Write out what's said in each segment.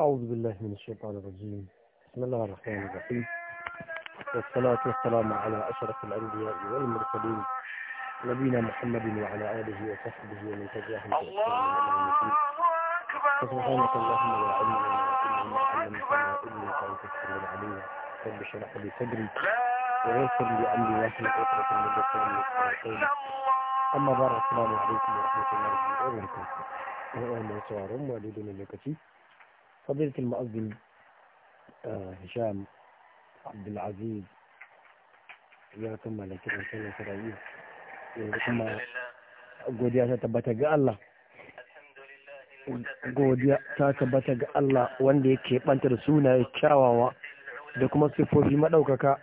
أعوذ بالله من الشيطان الرجيم بسم الله الرحمن الرحيم والصلاة والسلام على أشرف الأنبياء والمرسلين نبينا محمد وعلى آله وصحبه ومن تبعهم الله سبحانك اللهم لا علم أكبر إلا أكبر علمتنا أكبر أنت أكبر العليم رب اشرح لي صدري ويسر لي أمري واحلل عقدة من أما بعد السلام عليكم ورحمة الله وبركاته. وأنا سوارم والدنا لكتي فضيلة المؤذن هشام عبد العزيز iyakan malakin sai na sarayi yanzu kuma godiya ta tabbata ga Allah godiya ta tabbata ga Allah wanda yake bantar sunaye kyawawa da kuma sifofi maɗaukaka.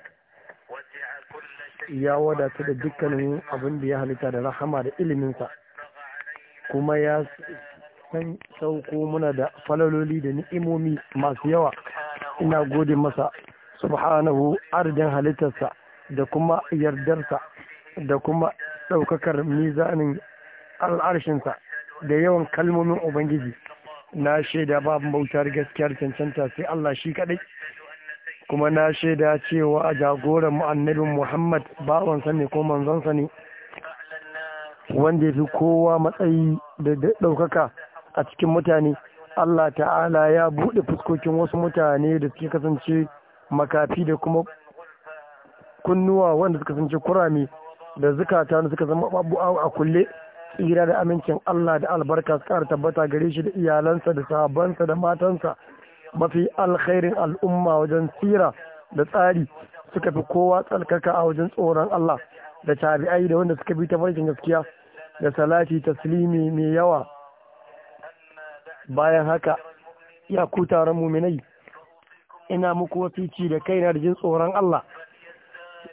ya wadata da dukkanin abin da ya halitta da rahama da iliminsa kuma ya san sauko muna da falaloli da ni'imomi masu yawa ina gode masa subhanahu adadin halittarsa da kuma yardarsa da kuma ɗaukakar mizanin al'arshinsa da yawan kalmomin ubangiji na shaida babu bautar gaskiyar cancanta sai Allah shi kaɗai kuma na shaida cewa a jagoran mu'annabin Muhammad bawansa ne ko manzonsa ne wanda ya fi kowa matsayi da ɗaukaka a cikin mutane Allah ta'ala ya buɗe fuskokin wasu mutane da suke kasance makafi da kuma kunnuwa wanda suka kasance kurame da zukata da suka zama abu a kulle tsira da amincin Allah da albarka su ƙara tabbata gare shi da iyalansa da sabansa da matansa mafi alkhairin al'umma wajen tsira da tsari suka fi kowa tsalkaka a wajen tsoron Allah da tabi'ai da wanda suka bi ta farkin gaskiya da salati taslimi mai yawa bayan haka ya ku taron muminai ina muku wasici da kaina da jin tsoron Allah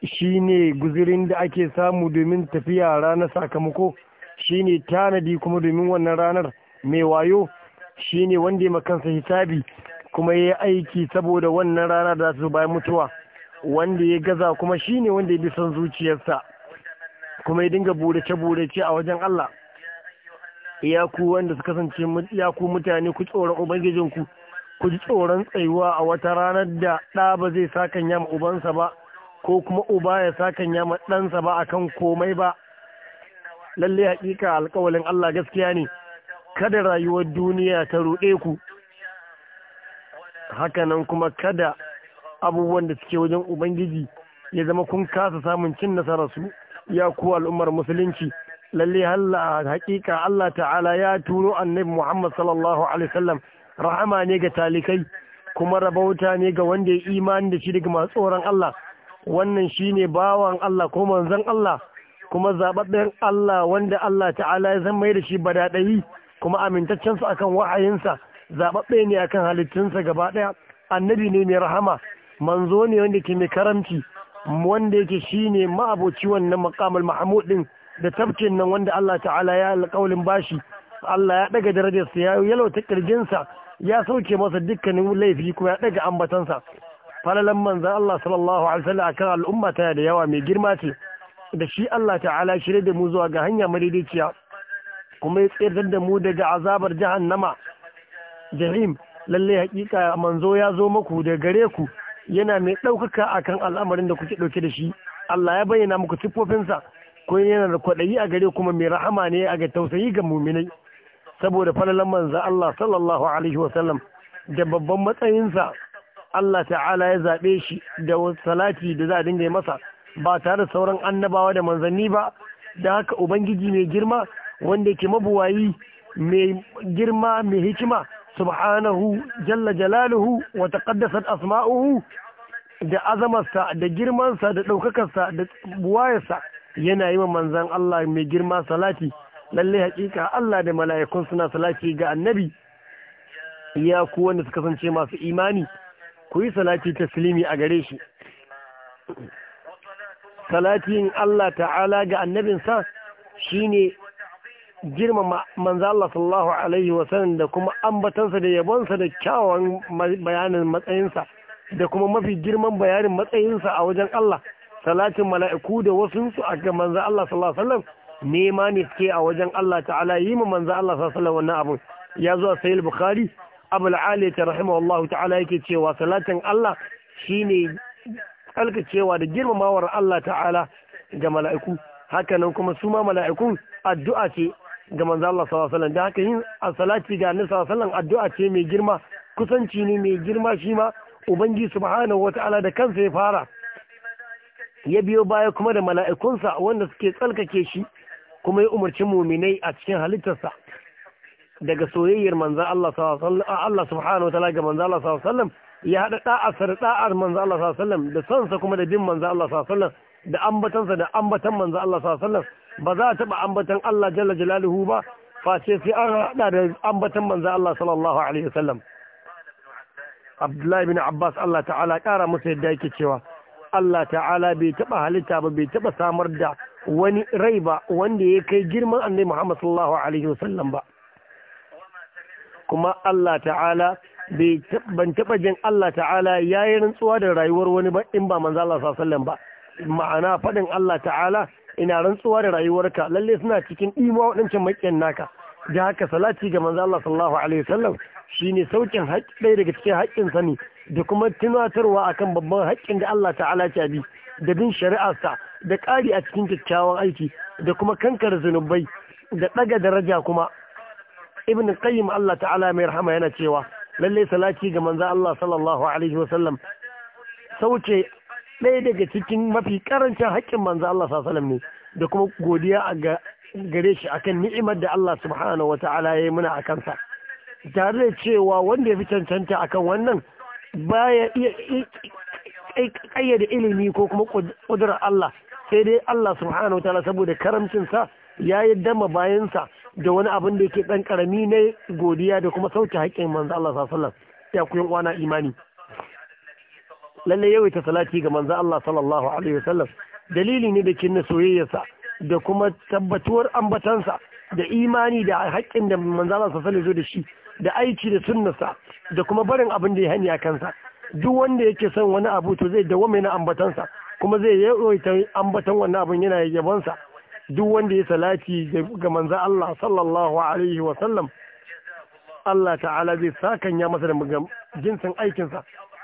shine guzirin da ake samu domin tafiya ranar sakamako shine tanadi kuma domin wannan ranar mai wayo shine wanda ya makansa hisabi kuma ya aiki saboda wannan rana da su bayan mutuwa wanda ya gaza kuma shine wanda ya bi son zuciyarsa kuma ya dinga burace ce a wajen Allah iyaku ku wanda su kasance ya mutane ku tsoron ubangijinku ku ji tsoron tsayuwa a wata ranar da ɗa ba zai sakan yama ubansa ba ko kuma uba ya sakan yama ɗansa ba akan komai ba lalle hakika alkawalin Allah gaskiya ne kada rayuwar duniya ta ruɗe ku hakanan kuma kada abubuwan da suke wajen ubangiji ya zama kun kasa samun cin nasararsu ya ku al'ummar musulunci lalle Allah hakika Allah ta'ala ya turo annabi Muhammad sallallahu alaihi wasallam rahama ne ga talikai kuma rabauta ne ga wanda ya imani da shi daga masu tsoron Allah wannan shine bawan Allah ko manzon Allah kuma zababben Allah wanda Allah ta'ala ya zama da shi badadai kuma amintaccen su akan wahayinsa zababbe ne akan halittunsa gaba daya annabi ne mai rahama manzo ne wanda ke mai karamci wanda yake shine ma'aboci wannan maqamul mahmud din da tafkin nan wanda Allah ta'ala ya alƙawalin bashi Allah ya daga darajarsa ya ta kirjinsa ya sauke masa dukkanin laifi kuma ya daga ambatansa falalan manzan Allah sallallahu alaihi wasallam akan al'umma tana da yawa mai girma ce da shi Allah ta'ala shirye da mu zuwa ga hanya madaidaiciya kuma ya tsirtar da mu daga azabar jahannama jahim lalle hakika manzo ya zo muku da gare ku yana mai ɗaukaka akan al'amarin da kuke ɗauke da shi Allah ya bayyana muku siffofinsa ko yana da kwaɗayi a gare kuma mai rahama ne a ga tausayi ga muminai saboda falalan manzan Allah sallallahu alaihi wasallam da babban matsayinsa Allah ta'ala ya zaɓe shi da salati da za a dinga yi masa ba tare da sauran annabawa da manzanni ba da haka ubangiji mai girma wanda yake mabuwayi mai girma mai hikima subhanahu jalla jalaluhu wa taqaddasat asma'uhu da azamarsa da girmansa da ɗaukakarsa da buwayarsa yana yi wa manzan Allah mai girma salati lalle hakika Allah da mala'ikun suna salati ga annabi ya ku wanda suka kasance masu imani ku yi salati taslimi a gare shi salatin Allah ta'ala ga annabinsa shine girma manzan Allah sallallahu alaihi wasallam da kuma ambatansa da yabonsa da kyawawan bayanin matsayinsa da kuma mafi girman bayanin matsayinsa a wajen Allah salatin mala'iku da wasunsu a ga manzan Allah sallallahu alaihi wasallam nema ne suke a wajen Allah ta'ala yi ma manzan Allah sallallahu alaihi wasallam wannan abin ya zo a sahih bukhari abul ali ta Allah ta'ala yake cewa salatin Allah shi shine alkacewa da girmamawar Allah ta'ala ga mala'iku hakanan kuma su ma mala'ikun addu'a ce ga manzan Allah sallallahu alaihi wasallam da haka yin salati ga annabi sallallahu alaihi wasallam addu'a ce mai girma kusanci ne mai girma shi ma ubangiji subhanahu ta'ala da kansa ya fara ya biyo baya kuma da mala'ikunsa wanda suke tsalkake shi kuma ya umarci muminai a cikin halittarsa daga soyayyar manza Allah subhanahu wa ta'ala ga manza Allah sallallahu ya haɗa ɗa'asar ɗa'ar manza Allah sallallahu da sonsa kuma da bin manza Allah sallallahu da ambatansa da ambatan manza Allah sallallahu ba za a taɓa ambatan Allah jalla jalaluhu ba face sai an haɗa da ambatan manza Allah sallallahu alaihi wasallam Abdullahi bin Abbas Allah ta'ala ƙara musu yadda yake cewa Allah ta'ala bai taba halitta ba bai taba samar da wani rai ba wanda ya kai girman annabi Muhammad sallallahu alaihi wasallam ba kuma Allah ta'ala bai ban taba jin Allah ta'ala yayi rantsuwa da rayuwar wani ba in ba manzo Allah sallallahu alaihi wasallam ba ma'ana fadin Allah ta'ala ina rantsuwa da rayuwarka lalle suna cikin imuwa waɗancan maƙiyan naka da haka salati ga manzo Allah sallallahu alaihi wasallam shine saukin haƙƙi daga cikin haƙƙin sani da kuma tunatarwa akan babban haƙƙin da Allah ta'ala ta bi da bin shari'arsa da ƙari a cikin kyakkyawan aiki da kuma kankar zunubai da ɗaga daraja kuma ibn qayyim Allah ta'ala mai rahama yana cewa lalle salati ga manzo Allah sallallahu alaihi wasallam sauce ɗaya daga cikin mafi karancin haƙƙin manzo Allah sallallahu alaihi ne da kuma godiya ga gare shi akan ni'imar da Allah subhanahu wata'ala ya yi muna a kansa tare da cewa wanda ya fi cancanta akan wannan baya iya ƙayyade ilimi ko kuma ƙudurar Allah sai dai Allah subhanahu ta'ala saboda karamcinsa ya yi dama bayansa da wani abin da yake ɗan ƙarami na godiya da kuma sauke haƙƙin manzo Allah sallallahu alaihi ya ku yan uwana imani lalle yawaita salati ga manzo Allah sallallahu alaihi wasallam dalili ne da kinna soyayyarsa da kuma tabbatuwar ambatansa da imani da haƙƙin da manzo Allah sallallahu alaihi da shi da aiki da sunnarsa da kuma barin abin da ya hani a kansa duk wanda yake son wani abu to zai mai na ambatansa kuma zai yi yawaita ambatan wannan abin yana yabonsa duk wanda ya salati ga manzan Allah sallallahu alaihi wa Allah ta'ala zai sa ya masa da jinsin aikinsa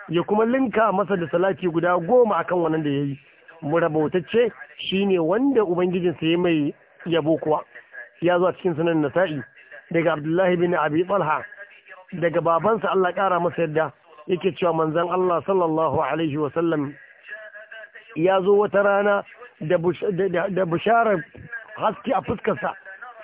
ya kuma linka masa da salati guda goma akan wannan da ya yi murabautacce shine wanda ubangijinsa ya mai yabo kuwa ya zo cikin sunan nasa'i daga abdullahi bin abi talha daga babansa Allah ƙara masa yadda yake cewa manzan Allah sallallahu alaihi wasallam ya zo wata rana da bisharar haske a fuskarsa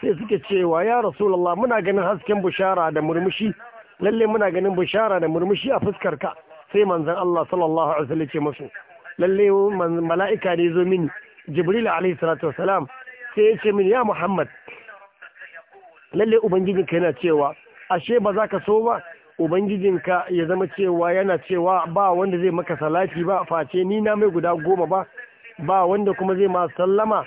sai suke cewa ya rasulallah muna ganin hasken bishara da murmushi lalle muna ganin bishara da murmushi a fuskarka sai manzan Allah sallallahu alaihi wasallam ce masu lalle mala'ika ne zo mini jibril alaihi salatu wasalam sai ya ce mini ya muhammad lalle kai na cewa ashe ba za ka so ba ubangijinka ya zama cewa yana cewa ba wanda zai maka salati ba face ni na mai guda goma ba ba wanda kuma zai ma sallama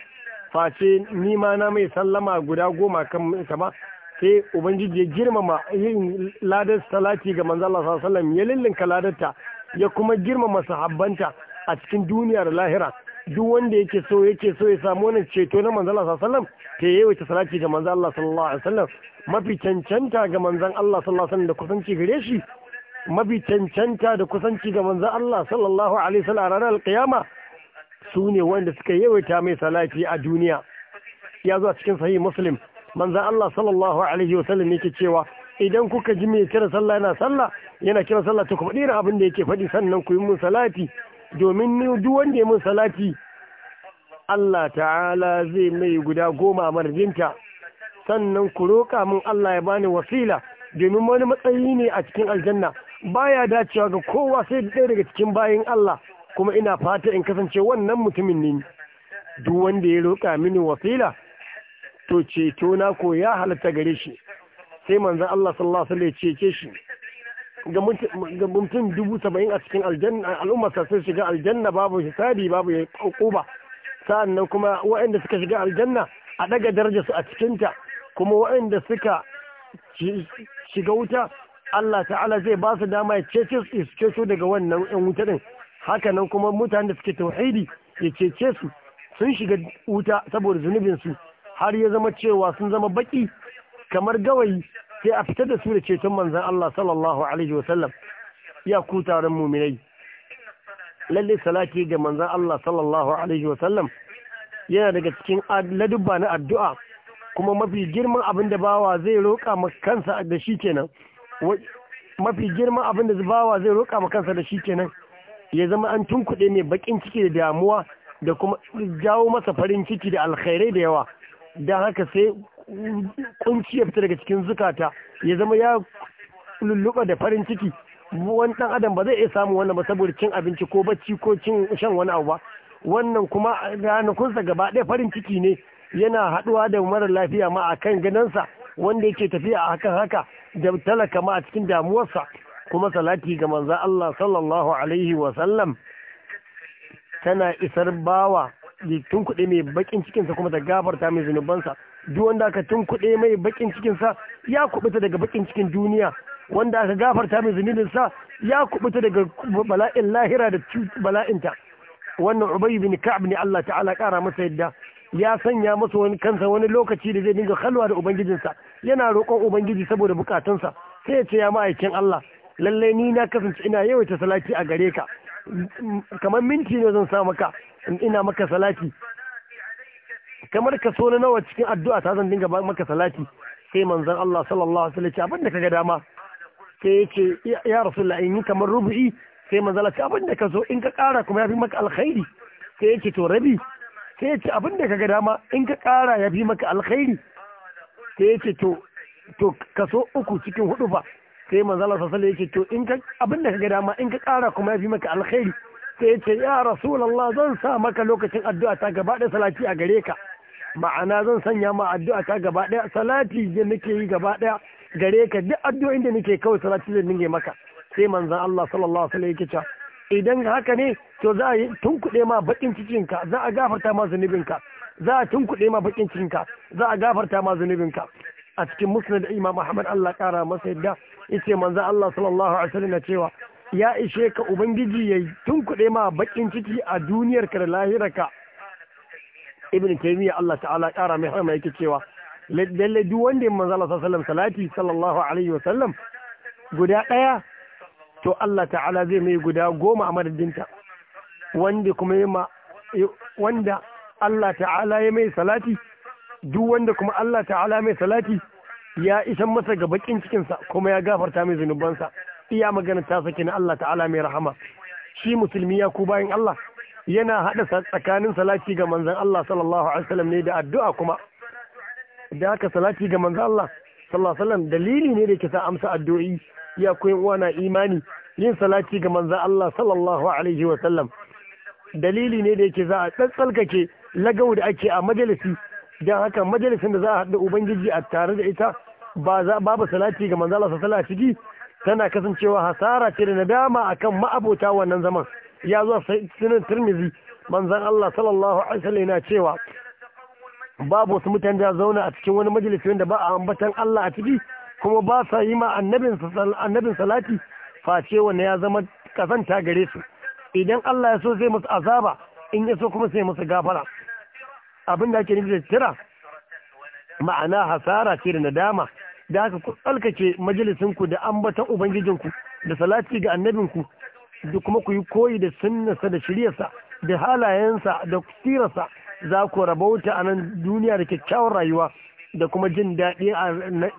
face ni ma na mai sallama guda goma kan ba sai ubangiji ya girmama yin ladar salati ga manzo Allah sallallahu ya lillinka ladarta ya kuma girmama sahabbanta a cikin duniya da lahira duk wanda yake so yake so ya samu wani ceto na manzon Allah sallallahu alaihi wasallam ta yawaita salati ga manzon Allah sallallahu alaihi wasallam mafi cancanta ga manzon Allah sallallahu alaihi wasallam da kusanci gare shi mafi cancanta da kusanci ga manzon Allah sallallahu alaihi wasallam a ranar alkiyama su ne wanda suka yawaita mai salati a duniya ya zo a cikin sahih muslim manzon Allah sallallahu alaihi wasallam yake cewa idan kuka ji mai kira sallah yana sallah yana kira sallah to ku faɗi abin da yake faɗi sannan ku yi mun salati domin ni duk wanda mun salati Allah ta'ala zai mai guda goma marjinta sannan ku roƙa min Allah ya bani wasila domin wani matsayi ne a cikin aljanna baya dacewa ga kowa sai ɗaya daga cikin bayan Allah kuma ina fata in kasance wannan mutumin ne duk wanda ya roƙa mini wasila to ceto na koya ya halatta gare shi sai manzon Allah sallallahu alaihi wasallam ya cece shi ga mutum dubu saba'in a cikin aljanna al'ummarsa sun shiga aljanna babu hisabi babu ƙuba sa'annan kuma waɗanda suka shiga aljanna a ɗaga daraja su a cikinta kuma waɗanda suka shiga wuta Allah ta'ala zai ba su dama ya cece su su daga wannan yan wuta din hakanan kuma mutanen da suke tauhidi ya cece su sun shiga wuta saboda zunubin su har ya zama cewa sun zama baki kamar gawayi sai a fitar da su da ceton manzan Allah sallallahu alaihi wasallam ya ku taron muminai lalle salati ga manzan Allah sallallahu alaihi wasallam yana daga cikin ladubba na addu'a kuma mafi girman abin da bawa zai roƙa ma da shi kenan mafi girman abin da bawa zai roƙa makansa da shi kenan ya zama an tunkuɗe mai bakin ciki da damuwa da kuma jawo masa farin ciki da alkhairai da yawa don haka sai kunci ya fita daga cikin zukata ya zama ya lulluɓa da farin ciki wani ɗan adam ba zai iya samun wannan ba saboda cin abinci ko bacci ko cin shan wani abu ba wannan kuma ranakunsa gaba ɗaya farin ciki ne yana haɗuwa da mara lafiya ma a kan ganansa, wanda yake tafiya a hakan haka da talaka ma a cikin damuwarsa kuma salati ga manzan Allah sallallahu alaihi wa sallam tana isar bawa tun kuɗi mai bakin cikinsa kuma ta gafarta mai zunubansa duk wanda aka tun kuɗe mai bakin cikinsa ya kubuta daga bakin cikin duniya wanda aka gafarta mai sa ya kubuta daga bala'in lahira da bala'inta wannan ubayi bin ka'ab ne Allah ta'ala kara masa yadda ya sanya masa wani kansa wani lokaci da zai dinga kalwa da ubangijinsa yana roƙon ubangiji saboda bukatunsa sai ya ce ya ma'aikin Allah lallai ni na kasance ina yawaita salati a gare ka kamar minti ne zan sa maka ina maka salati kamar ka so na nawa cikin addu'a ta zan dinga maka salati sai manzon Allah sallallahu alaihi wasallam ce abinda kaga dama sai yace ya rasulullah in yi kamar rubu'i sai manzon Allah ce abinda ka so in ka kara kuma yafi maka alkhairi sai yace to rabi sai yace abinda kaga dama in ka kara yafi maka alkhairi sai yace to to kaso uku cikin hudu fa sai manzon Allah sallallahu alaihi wasallam yace to in ka abinda kaga dama in ka kara kuma yafi maka alkhairi sai yace ya rasulullah zan sa maka lokacin addu'a ta gaba da salati a gare ka ma'ana zan sanya ma addu'a ka gaba daya salati da nake yi gaba daya gare ka duk addu'o'in da nake kawai salati zan dinge maka sai manzon Allah sallallahu alaihi wasallam yake cewa idan haka ne to za a tunkuɗe ma bakin ka za a gafarta ma ka za a tunkuɗe ma bakin ka za a gafarta ma ka a cikin musnad imam Muhammad Allah kara masa yadda yace manzon Allah sallallahu alaihi wasallam cewa ya ishe ka ubangiji yayi tunkuɗe ma bakin ciki a duniyarka da lahirarka ibn taymiya Allah ta'ala ƙara mai hama yake cewa lalle duk wanda ya manzo Allah sallallahu salati sallallahu alaihi wasallam guda ɗaya to Allah ta'ala zai mai guda goma a madadinta wanda kuma ya wanda Allah ta'ala ya mai salati duk wanda kuma Allah ta'ala mai salati ya isan masa ga bakin cikinsa kuma ya gafarta mai zunubansa iya magana ta saki na Allah ta'ala mai rahama shi musulmi ya ku bayan Allah yana haɗa tsakanin salati ga manzan Allah sallallahu alaihi wasallam ne da addu'a kuma da haka salati ga manzan Allah sallallahu alaihi wasallam dalili ne da ke sa amsa addu'o'i ya koyin uwa na imani yin salati ga manzan Allah sallallahu alaihi wasallam dalili ne da yake za a tsatsalkake lagau da ake a majalisi don haka majalisin da za a haɗa ubangiji a tare da ita ba za babu salati ga manzan Allah sallallahu alaihi wasallam tana kasancewa hasara ce da nadama akan ma'abota wannan zaman ya zo sunan tirmizi manzan Allah sallallahu alaihi wasallam yana cewa babu wasu mutane da zauna a cikin wani majalisi wanda ba a ambatan Allah a ciki kuma ba sa yi ma annabin salati face wanda ya zama kazanta gare su idan Allah ya so zai musu azaba in ya so kuma sai musu gafara abin da ake nufi da tira ma'ana hasara ce da nadama da haka ku majalisinku da ambatan ubangijinku da salati ga annabinku da kuma ku yi koyi da sunnarsa da shiryarsa da halayensa da sirarsa za ku rabauta a nan duniya da kyakkyawar rayuwa da kuma jin daɗi a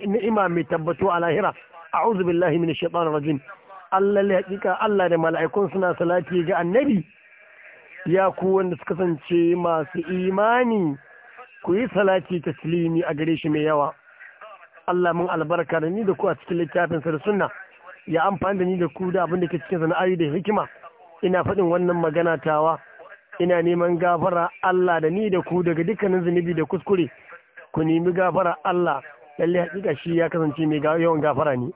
ni'ima mai tabbato a lahira a'udhu billahi min shaitanir rajim Allah ya hakika Allah da mala'ikun suna salati ga annabi ya ku wanda suka kasance masu imani ku yi salati taslimi a gare shi mai yawa Allah mun albarka da ni da ku a cikin littafinsa da sunna ya amfani da ni da ku da abin da ke cikin sana'ari da hikima ina faɗin wannan magana tawa ina neman gafara Allah da ni da ku daga dukkanin zunubi da kuskure ku nemi gafara Allah lalle hakika shi ya kasance mai yawan gafara ne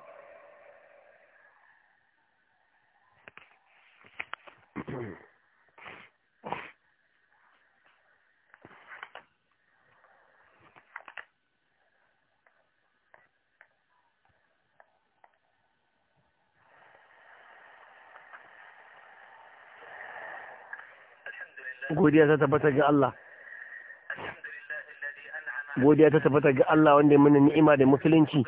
godiya ta tabbata ga Allah godiya ta tabbata ga Allah wanda ya mana ni'ima da musulunci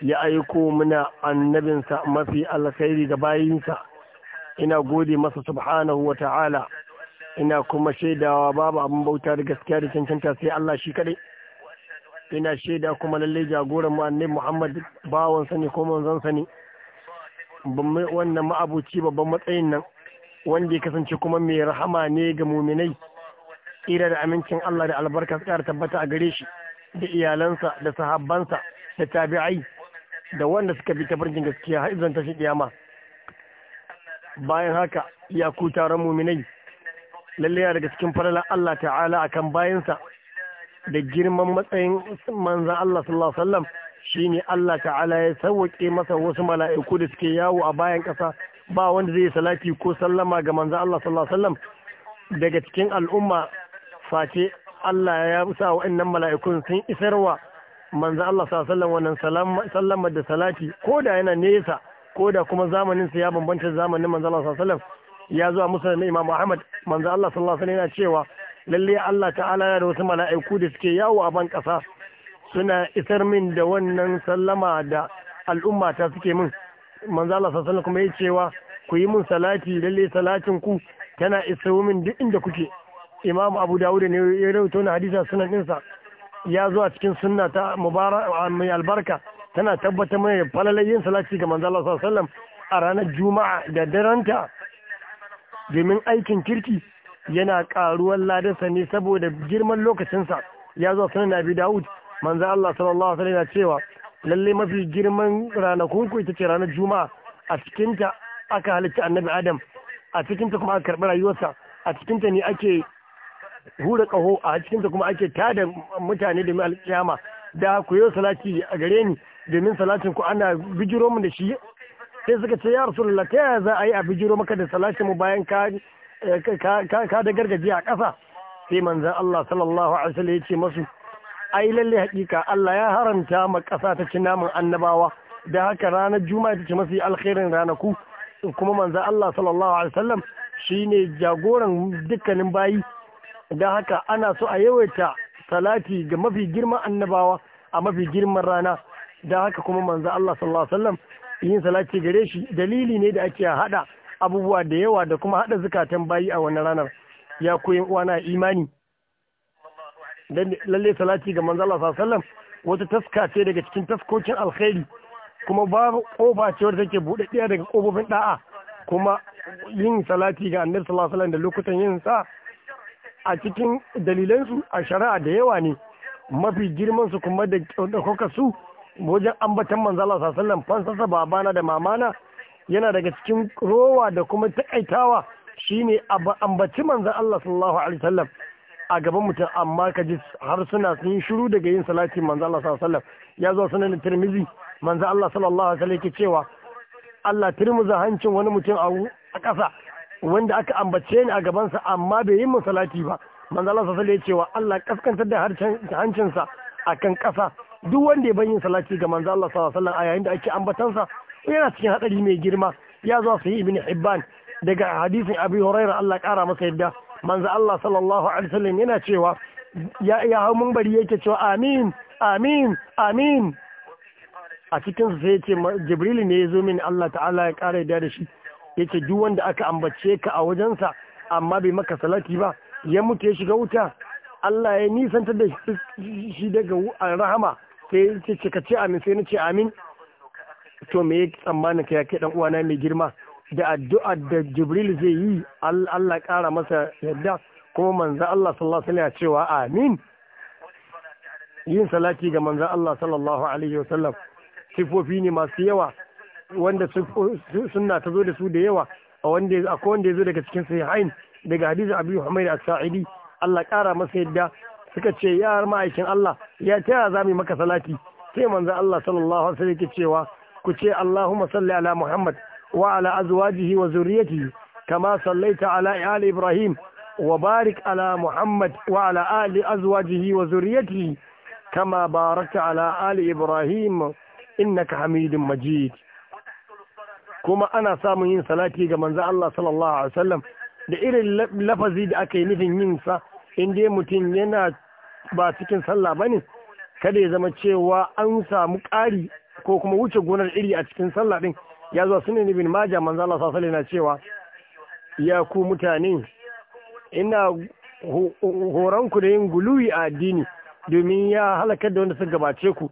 ya aiko mana annabinsa mafi alkhairi ga bayinsa ina gode masa subhanahu wa ta'ala ina kuma shaidawa babu abin bauta da gaskiya da cancanta sai Allah shi kaɗai ina shaida kuma lallai jagoran mu annabi Muhammad bawansa ne ko manzon sa ne wannan ma'abuci babban matsayin nan wanda ya kasance kuma mai rahama ne ga muminai tsira da amincin Allah da albarka su ƙara tabbata a gare shi da iyalansa da sahabbansa da tabi'ai da wanda suka bi tafarkin gaskiya har izan tashi kiyama bayan haka ya ku taron muminai lallai daga cikin falalar Allah ta'ala akan bayansa da girman matsayin manzan Allah sallallahu alaihi wasallam shine Allah ta'ala ya sauke masa wasu mala'iku da suke yawo a bayan ƙasa ba wanda zai salati ko sallama ga manzan Allah sallallahu alaihi wasallam daga cikin al'umma face Allah ya sa wa'annan mala'ikun sun isarwa manzan Allah sallallahu alaihi wasallam wannan sallama da salati ko da yana nesa ko da kuma zamanin sa ya bambanta zamanin manzan Allah sallallahu alaihi wasallam ya zuwa musulun na Imam Ahmad manzan Allah sallallahu alaihi wasallam yana cewa lalle Allah ta'ala ya da wasu mala'iku da suke yawo a ban kasa suna isar min da wannan sallama da al'umma ta suke min manzo Allah sallallahu kuma ya cewa ku yi mun salati lalle salatin ku tana isa min duk inda kuke Imam Abu Dawud ne ya rawaito na hadisa sunan ɗinsa ya zo a cikin sunna ta mubaraka mai albarka tana tabbatar mai falalar yin salati ga manzo Allah sallallahu alaihi a ranar Juma'a da daranta domin aikin kirki yana karuwar ladarsa ne saboda girman lokacinsa ya zo sunan Abi Dawud manzo Allah sallallahu alaihi wasallam cewa lalle mafi girman ranakun ku ita ce ranar juma'a a cikinta aka halitta annabi adam a cikinta kuma aka karɓi rayuwarsa a cikinta ne ake hura ƙaho a cikinta kuma ake tada mutane domin alƙiyama da ku yi salati a gare ni domin salatin ku ana bijiro mu da shi sai suka ce ya rasulullah ta yaya za a yi a bijiro maka da salatin mu bayan ka eh, ka da gargajiya a ƙasa sai manzan Allah sallallahu alaihi wasallam ya ce masu ai lalle hakika Allah ya haramta ma ƙasa ta ci naman annabawa da haka ranar juma'a ta ce mafi alkhairin ranaku kuma manzo Allah sallallahu alaihi wasallam shine jagoran dukkanin bayi da haka ana so a yawaita salati ga mafi girman annabawa a mafi girman rana da haka kuma manzo Allah sallallahu alaihi wasallam yin salati gare shi dalili ne da ake hada abubuwa da yawa da kuma hada zukatan bayi a wannan ranar ya koyi uwana imani lalle salati ga manzo Allah sallallahu alaihi wasallam wata taska ce daga cikin taskokin alkhairi kuma ba kofa ce wanda take daya daga kofofin da'a kuma yin salati ga annabi sallallahu alaihi wasallam da lokutan yin sa a cikin su a shari'a da yawa ne mafi girman su kuma da kokar su wajen ambatan manzo Allah sallallahu alaihi wasallam fansasa babana da mamana yana daga cikin rowa da kuma takaitawa shine ambaci manzo Allah sallallahu alaihi wasallam a gaban mutum amma ka ji har suna sun shiru daga yin salati manzo Allah sallallahu alaihi wasallam ya zo sunan Tirmizi manzo Allah sallallahu alaihi wasallam yake cewa Allah tirmiza hancin wani mutum a ƙasa wanda aka ambace ni a gabansa amma bai yi min salati ba manzo Allah sallallahu alaihi wasallam ya cewa Allah kaskantar da hancinsa akan ƙasa duk wanda ya yin salati ga manzo Allah sallallahu alaihi wasallam a yayin da ake ambatansa yana cikin hadari mai girma ya zo sai ibn Hibban daga hadisin Abi Hurairah Allah kara masa yadda manzo Allah sallallahu alaihi wasallam yana cewa ya ya hau bari yake cewa amin amin amin a cikin sai yace jibril ne ya zo min Allah ta'ala ya kare da shi yace duk wanda aka ambace ka a wajensa amma bai maka salati ba ya mutu ya shiga wuta Allah ya nisantar da shi daga rahama sai ce ka ce amin sai na ce amin to me ya tsammanin ka ya kai dan uwana mai girma da addu'ar da Jibril zai yi Allah ƙara masa yadda kuma manzan Allah sallallahu alaihi wasallam cewa amin yin salati ga manzan Allah sallallahu alaihi wasallam sifofi ne masu yawa wanda suna ta zo da su da yawa a wanda akwai wanda ya zo daga cikin sahihain daga hadisin Abi Muhammad a saidi Allah ƙara masa yadda suka ce ya ma'aikin Allah ya taya za mu maka salati sai manzan Allah sallallahu alaihi wasallam ke cewa ku ce Allahumma salli ala Muhammad wa ala azwajihi kama sallaita ala ali ibrahim wa ala muhammad wa ala ali azwajihi wa kama barakta ala ali ibrahim innaka hamidun majid kuma ana samun yin salati ga manzo Allah sallallahu da irin lafazi da aka yi nufin yin sa in dai mutum yana ba cikin sallah bane kada ya zama cewa an samu ƙari ko kuma wuce gonar iri a cikin sallah din ya zuwa sunan ibn maja manzo Allah sallallahu alaihi cewa ya ku mutane ina horonku da yin guluwi a addini domin ya halakar da wanda suka gabace ku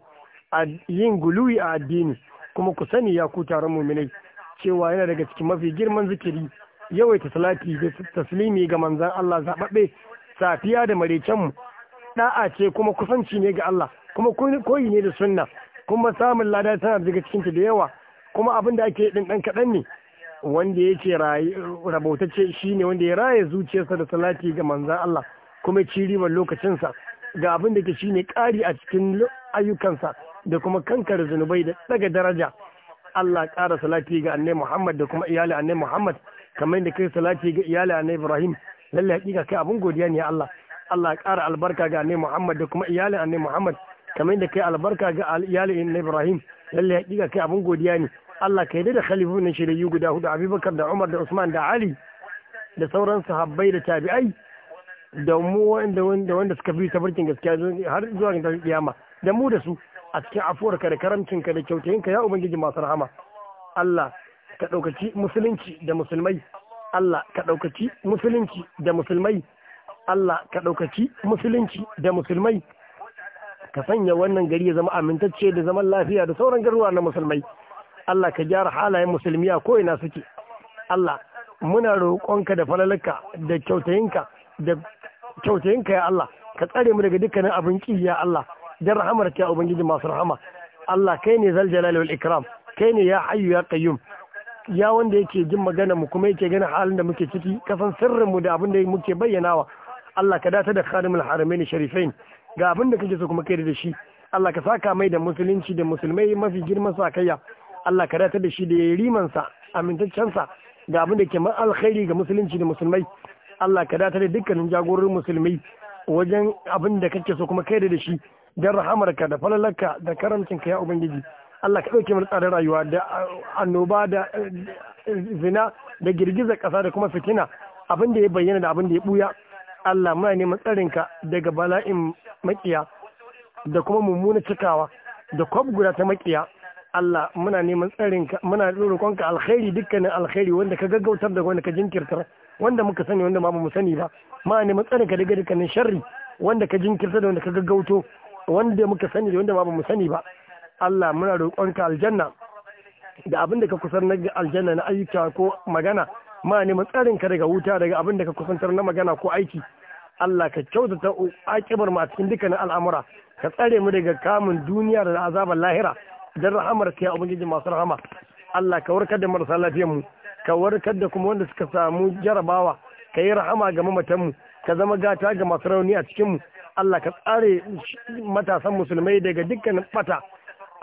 yin guluwi a addini kuma ku sani ya ku taron muminai cewa yana daga cikin mafi girman zikiri yawaita salati da taslimi ga manzan Allah zaɓaɓɓe safiya da marecenmu da'a ce kuma kusanci ne ga Allah kuma koyi ne da sunna kuma samun lada tana daga cikinta da yawa kuma abin da ake din dan kaɗan ne wanda yake rabautacce shine wanda ya raye zuciyarsa da salati ga manzan Allah kuma ci ribar lokacinsa ga abin da ke shine ƙari a cikin ayyukansa da kuma kankare zunubai da daga daraja Allah ƙara salati ga annai Muhammad da kuma iyali annai Muhammad kamar da kai salati ga iyali annai Ibrahim lalle hakika kai abin godiya ne Allah Allah ƙara albarka ga annai Muhammad da kuma iyali annai Muhammad kamar da kai albarka ga iyali annai Ibrahim lalle hakika kai abin godiya ne Allah ka yarda da khalifun nan shiryu guda hudu Abubakar da Umar da Usman da Ali da sauran sahabbai da tabi'ai da mu wanda wanda wanda suka bi gaskiya har zuwa ga kiyama da mu da su a cikin afuwarka da ka da kyautayinka ya ubangiji masu rahama Allah ka daukaci musulunci da musulmai Allah ka ɗaukaci musulunci da musulmai Allah ka ɗaukaci musulunci da musulmai ka sanya wannan gari ya zama amintacce da zaman lafiya da sauran garuruwa na musulmai Allah ka gyara halayen musulmi a ko'ina suke Allah muna roƙonka da falalarka da kyautayinka da kyautayinka ya Allah ka tsare mu daga dukkanin abin ki ya Allah dan rahamar ka ubangiji masu rahama Allah kai ne zal jalali wal ikram kai ne ya hayyu ya qayyum ya wanda yake jin magana mu kuma yake ganin halin da muke ciki kasan sirrin mu da abin da muke bayyanawa Allah ka data da khadimul haramaini sharifain ga abin da kake so kuma kai da shi Allah ka saka mai da musulunci da musulmai mafi girman sa kayya Allah ka rata da shi da riman sa amintaccen sa ga abin da ke ma alkhairi ga musulunci da musulmai Allah ka rata da dukkanin jagororin musulmai wajen abin da kake so kuma kai da shi dan rahamarka da falalarka da ka ya ubangiji Allah ka ɗauke mu tsadar rayuwa da annoba da eh, zina da girgizar kasa da kuma fitina abin da ya bayyana da abin da ya buya Allah muna neman ka daga bala'in makiya da kuma mummuna cikawa da kwab guda ta makiya Allah muna neman ka muna roƙonka alkhairi dukkanin alkhairi wanda ka gaggautar da wanda ka jinkirtar wanda muka sani wanda ba mu sani ba ma neman ka daga dukkanin sharri wanda ka jinkirtar da wanda ka gaggauto wanda muka sani da wanda ba mu sani ba Allah muna roƙonka aljanna da abin da ka kusan na aljanna na ayyuka ko magana ma neman ka daga wuta daga abin da ka kusantar na magana ko aiki Allah ka kyautata akibar mu a cikin dukkanin al'amura ka tsare mu daga kamun duniya da azabar lahira dan rahamar ka ya ubangiji masu rahama Allah ka warkar da marasa lafiyar mu ka warkar da kuma wanda suka samu jarabawa ka yi rahama ga mamatan mu ka zama gata ga masu rauni a cikin mu Allah ka tsare matasan musulmai daga dukkanin bata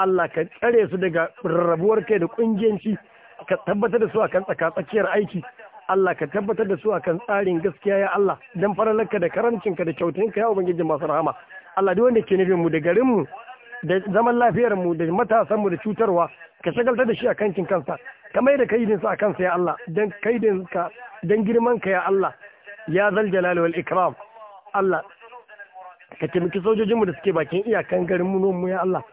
Allah ka tsare su daga rarrabuwar kai da kungiyanci ka tabbatar da su akan tsaka tsakiyar aiki Allah ka tabbatar da su akan tsarin gaskiya ya Allah dan faralarka da karamcinka da kyautinka ya ubangiji masu rahama Allah duk wanda ke nufin mu da garin mu da zaman lafiyar mu da matasan mu da cutarwa ka shagaltar da shi a kin kansa ka mai da kaidin sa kansa ya Allah dan kaidin ka dan girman ka ya Allah ya zal jalal wal ikram Allah ka taimaki sojojinmu da suke bakin iyakan garin mu mu ya Allah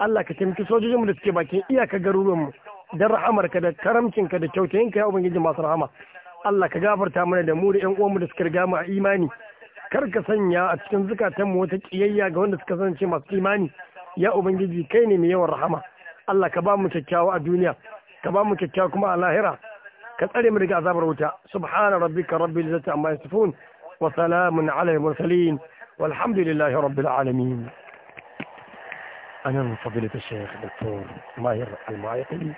Allah ka taimaki sojojinmu da suke bakin iyaka garuruwanmu don rahamarka da karamcinka da kyautayinka ya ubangiji masu rahama Allah ka gafarta mana da mu da ƴan uwanmu da suka riga mu a imani kar ka sanya a cikin zukatanmu wata kiyayya ga wanda suka kasance masu imani ya ubangiji kai ne mai yawan rahama Allah ka ba mu kyakkyawa a duniya ka ba mu kyakkyawa kuma a lahira ka tsare mu daga azabar wuta subhana rabbika rabbil izzati amma yasifun wa salamun ala mursalin walhamdulillahi rabbil alamin أنا من فضيلة الشيخ al- ماهر المعيقلي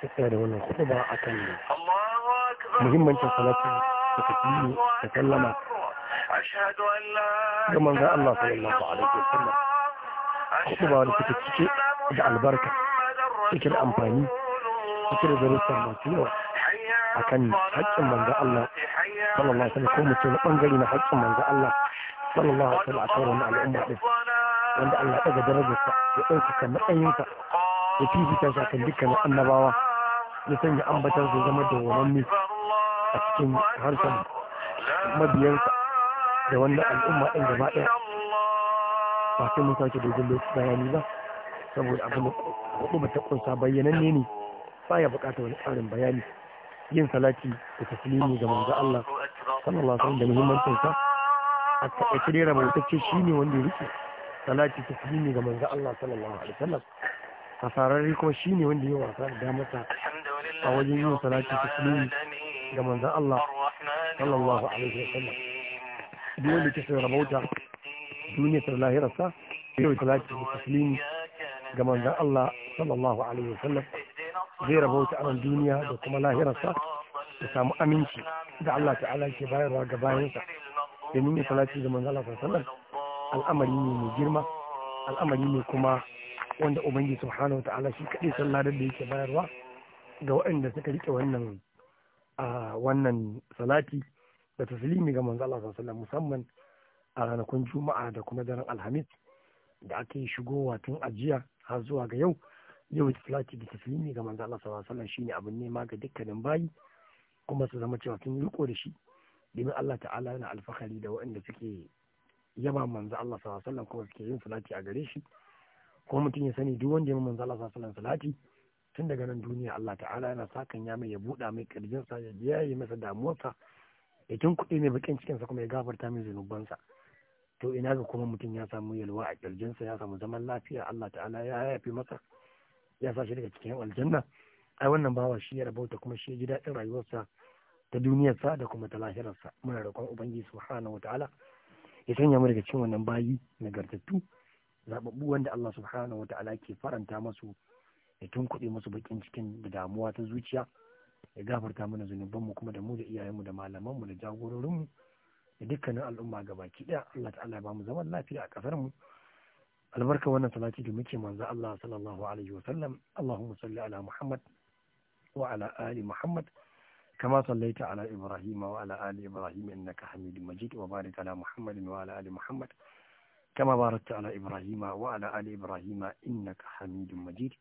في wannan الخطبة akan الله muhimmancin salatu da ta tafiye da sallama ga manzan Allah sallallahu alaihi wasallam kuma wani suke cike da albarka suke da amfani suke da zarussa masu yawa a akan haƙƙin manzan Allah sallallahu alaihi wasallam ko mutum bangare na haƙƙin manzan Allah sallallahu alaihi wasallam a kan wani al'umma din wanda Allah ya ɗaga darajarsa ya ɗaukaka matsayinsa ya fifita shi akan dukkanin annabawa ya sanya ambatan su zama da wamanni a cikin harshen mabiyansa da wannan al'umma ɗin gaba ɗaya ba sai mun sake dogon lokaci bayani ba saboda abin hudu ba ta kunsa bayyananne ne ya bukata wani tsarin bayani yin salati da taslimi ga manzo Allah sallallahu alaihi wasallam da muhimmancin sa a takaice dai rabautacce shine wanda ya rike salati da taslimi ga manzo Allah sallallahu alaihi wasallam fararri kuma shine wanda ya wasa da masa a wajen yin salati da taslimi ga manzan Allah sallallahu alaihi wa sallam duk wanda ke sai rabauta duniyar ta lahirarsa yau talaki da taslimi ga manzan Allah sallallahu alaihi wa sallam zai rabauta a duniya da kuma lahirarsa da samu aminci da Allah ta'ala ke bayarwa ga bayansa da ya talaki ga manzan Allah sallallahu alaihi al'amari ne mai girma al'amari ne kuma wanda ubangiji subhanahu wa ta'ala shi kaɗai sallah da yake bayarwa ga waɗanda suka riƙe wannan a wannan salati da taslimi ga manzo Allah sallallahu musamman a ranakun juma'a da kuma daren alhamis da aka yi shigowa tun ajiya har zuwa ga yau yau salati da taslimi ga manzo Allah sallallahu alaihi shine abin nema ga dukkanin bayi kuma su zama cewa sun riko da shi domin Allah ta'ala yana alfahari da waɗanda suke yaba manzo Allah sallallahu alaihi kuma suke yin salati a gare shi kuma mutum ya sani duk wanda ya manzo Allah sallallahu alaihi salati tun daga nan duniya Allah ta'ala yana sakan ya mai ya buɗa mai ƙirjinsa ya yi masa damuwarsa ya tun kuɗi mai bakin cikinsa kuma ya gafarta mai zunubansa to ina ga kuma mutum ya samu yalwa a ƙirjinsa ya samu zaman lafiya Allah ta'ala ya yafi masa ya sa shi daga cikin aljanna ai wannan bawa shi ya rabauta kuma shi ya ji daɗin rayuwarsa ta duniyarsa da kuma ta lahirarsa muna roƙon ubangiji subhanahu wataala ya sanya mu daga cikin wannan bayi nagartattu zaɓaɓɓu wanda Allah subhanahu wataala ke faranta masu ya tunkuɗe musu bakin cikin da damuwa ta zuciya ya gafarta mana mu kuma da mu da iyayenmu da malaman mu da mu da dukkanin al'umma ga baki ɗaya Allah ta'ala ya bamu zaman lafiya a ƙasar mu albarka wannan salati da muke manzo Allah sallallahu alaihi sallam Allahumma salli ala Muhammad wa ala ali Muhammad Kama sallaita ala كما Ali على إبراهيم وعلى آل إبراهيم إنك حميد ala Muhammad على Ali Muhammad. Kama محمد ala باركت على إبراهيم وعلى آل إبراهيم إنك حميد مجيد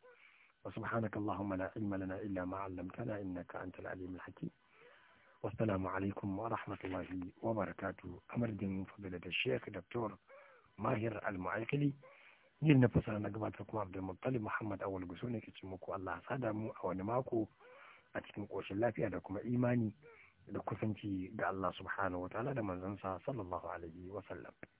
وسبحانك اللهم لا علم لنا إلا ما علمتنا إنك أنت العليم الحكيم wa عليكم ورحمة الله وبركاته أمر من فضيلة الشيخ دكتور ماهر المعيقلي jin na fasara na gabatar kuma abdulmuttalib muhammad awal guso ne ke ce muku allah sada mu a wani mako a cikin koshin lafiya da kuma imani da kusanci ga allah subhanahu wa ta'ala da manzansa sallallahu alaihi wa sallam